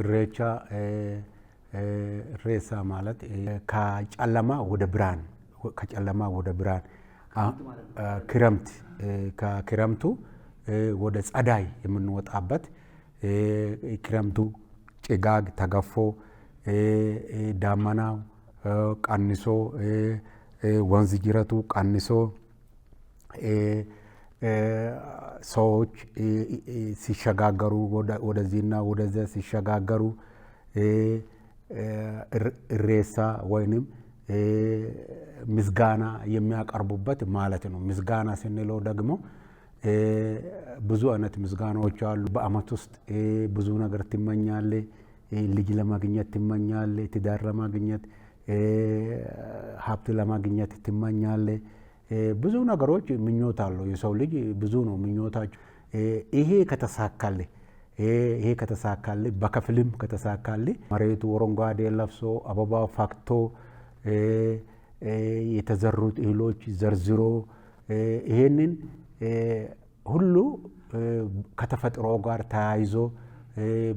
እሬቻ እሬሳ ማለት ከጨለማ ወደ ብርሃን ከጨለማ ወደ ብርሃን ክረምት ከክረምቱ ወደ ጸዳይ የምንወጣበት ክረምቱ ጭጋግ ተገፎ ዳመናው ቀንሶ ወንዝ ጅረቱ ቀንሶ ሰዎች ሲሸጋገሩ ወደዚህና ወደዚያ ሲሸጋገሩ እሬሳ ወይንም ምስጋና የሚያቀርቡበት ማለት ነው። ምስጋና ስንለው ደግሞ ብዙ አይነት ምስጋናዎች አሉ። በአመት ውስጥ ብዙ ነገር ትመኛለ። ልጅ ለማግኘት ትመኛለ፣ ትዳር ለማግኘት ሀብት ለማግኘት ትመኛለ ብዙ ነገሮች ምኞት አለው። የሰው ልጅ ብዙ ነው ምኞታቸው። ይሄ ከተሳካል ይሄ ከተሳካል በከፍልም ከተሳካል መሬቱ አረንጓዴ ለብሶ አበባ ፋክቶ የተዘሩት እህሎች ዘርዝሮ ይሄንን ሁሉ ከተፈጥሮ ጋር ተያይዞ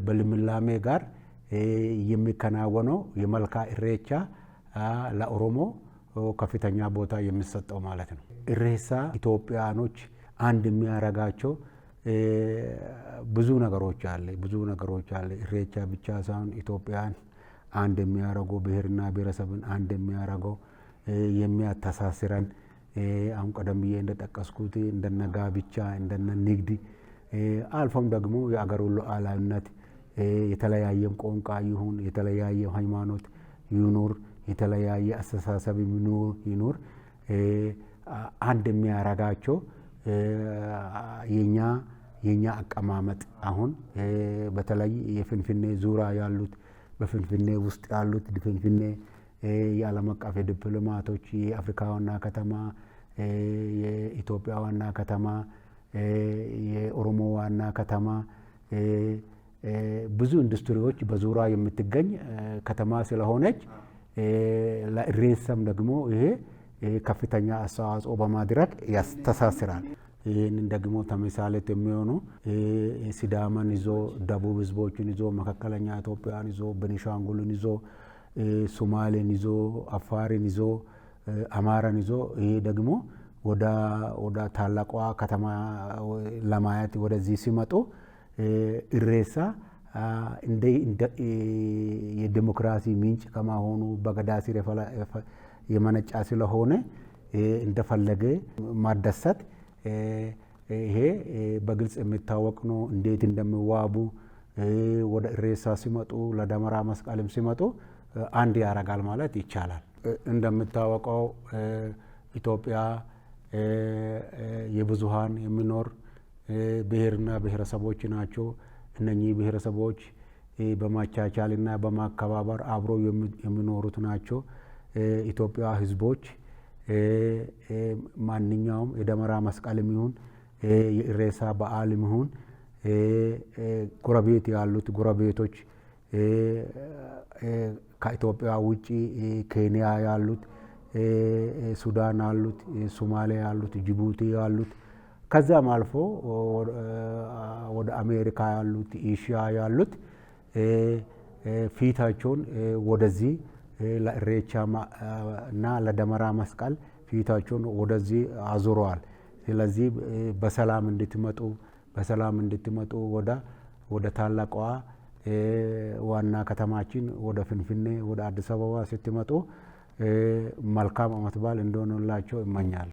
በልምላሜ ጋር የሚከናወነው የመልካ ኢሬቻ ለኦሮሞ ከፍተኛ ቦታ የሚሰጠው ማለት ነው። እሬሳ ኢትዮጵያኖች አንድ የሚያረጋቸው ብዙ ነገሮች አለ ብዙ ነገሮች አለ። እሬቻ ብቻ ሳይሆን ኢትዮጵያን አንድ የሚያረገው ብሔርና ብሔረሰብን አንድ የሚያረገው የሚያተሳስረን አሁን ቀደም ብዬ እንደጠቀስኩት እንደነ ጋብቻ እንደነ ንግድ አልፎም ደግሞ የአገሩ ሉዓላዊነት የተለያየም ቋንቋ ይሁን የተለያየ ሃይማኖት ይኑር የተለያየ አስተሳሰብ ይኑር አንድ የሚያረጋቸው የኛ የኛ አቀማመጥ አሁን በተለይ የፍንፍኔ ዙራ ያሉት በፍንፍኔ ውስጥ ያሉት ፍንፍኔ የዓለም አቀፍ ዲፕሎማቶች የአፍሪካ ዋና ከተማ፣ የኢትዮጵያ ዋና ከተማ፣ የኦሮሞ ዋና ከተማ ብዙ ኢንዱስትሪዎች በዙራ የምትገኝ ከተማ ስለሆነች ለሬሳም ደግሞ ይሄ ከፍተኛ አስተዋጽኦ በማድረግ ያስተሳስራል። ይህንን ደግሞ ተምሳሌት የሚሆኑ ሲዳማን ይዞ ደቡብ ህዝቦችን ይዞ መካከለኛ ኢትዮጵያን ይዞ ቤኒሻንጉልን ይዞ ሱማሌን ይዞ አፋርን ይዞ አማራን ይዞ ይሄ ደግሞ ወደ ታላቋ ከተማ ለማየት ወደዚህ ሲመጡ እሬሳ እንደ የዲሞክራሲ ምንጭ ከመሆኑ በገዳ ስር የመነጫ ስለሆነ እንደፈለገ ማደሰት ይሄ በግልጽ የሚታወቅ ነው። እንዴት እንደሚዋቡ ወደ እሬሳ ሲመጡ፣ ለደመራ መስቀልም ሲመጡ አንድ ያረጋል ማለት ይቻላል። እንደሚታወቀው ኢትዮጵያ የብዙሃን የሚኖር ብሔርና ብሔረሰቦች ናቸው። እነኚህ ብሔረሰቦች በማቻቻልና በማከባበር አብሮ የሚኖሩት ናቸው። ኢትዮጵያ ህዝቦች ማንኛውም የደመራ መስቀል ሚሆን የኢሬሳ በዓል ሚሆን ጎረቤት ያሉት ጎረቤቶች ከኢትዮጵያ ውጭ ኬንያ ያሉት፣ ሱዳን ያሉት፣ ሶማሊያ ያሉት፣ ጅቡቲ ያሉት ከዚያም አልፎ ወደ አሜሪካ ያሉት ኢሽያ ያሉት ፊታቸውን ወደዚህ ለኢሬቻ እና ለደመራ መስቀል ፊታቸውን ወደዚህ አዙረዋል። ስለዚህ በሰላም እንድትመጡ በሰላም እንድትመጡ ወደ ወደ ታላቋ ዋና ከተማችን ወደ ፍንፍኔ ወደ አዲስ አበባ ስትመጡ መልካም ዓመት በዓል እንደሆነላቸው ይመኛል።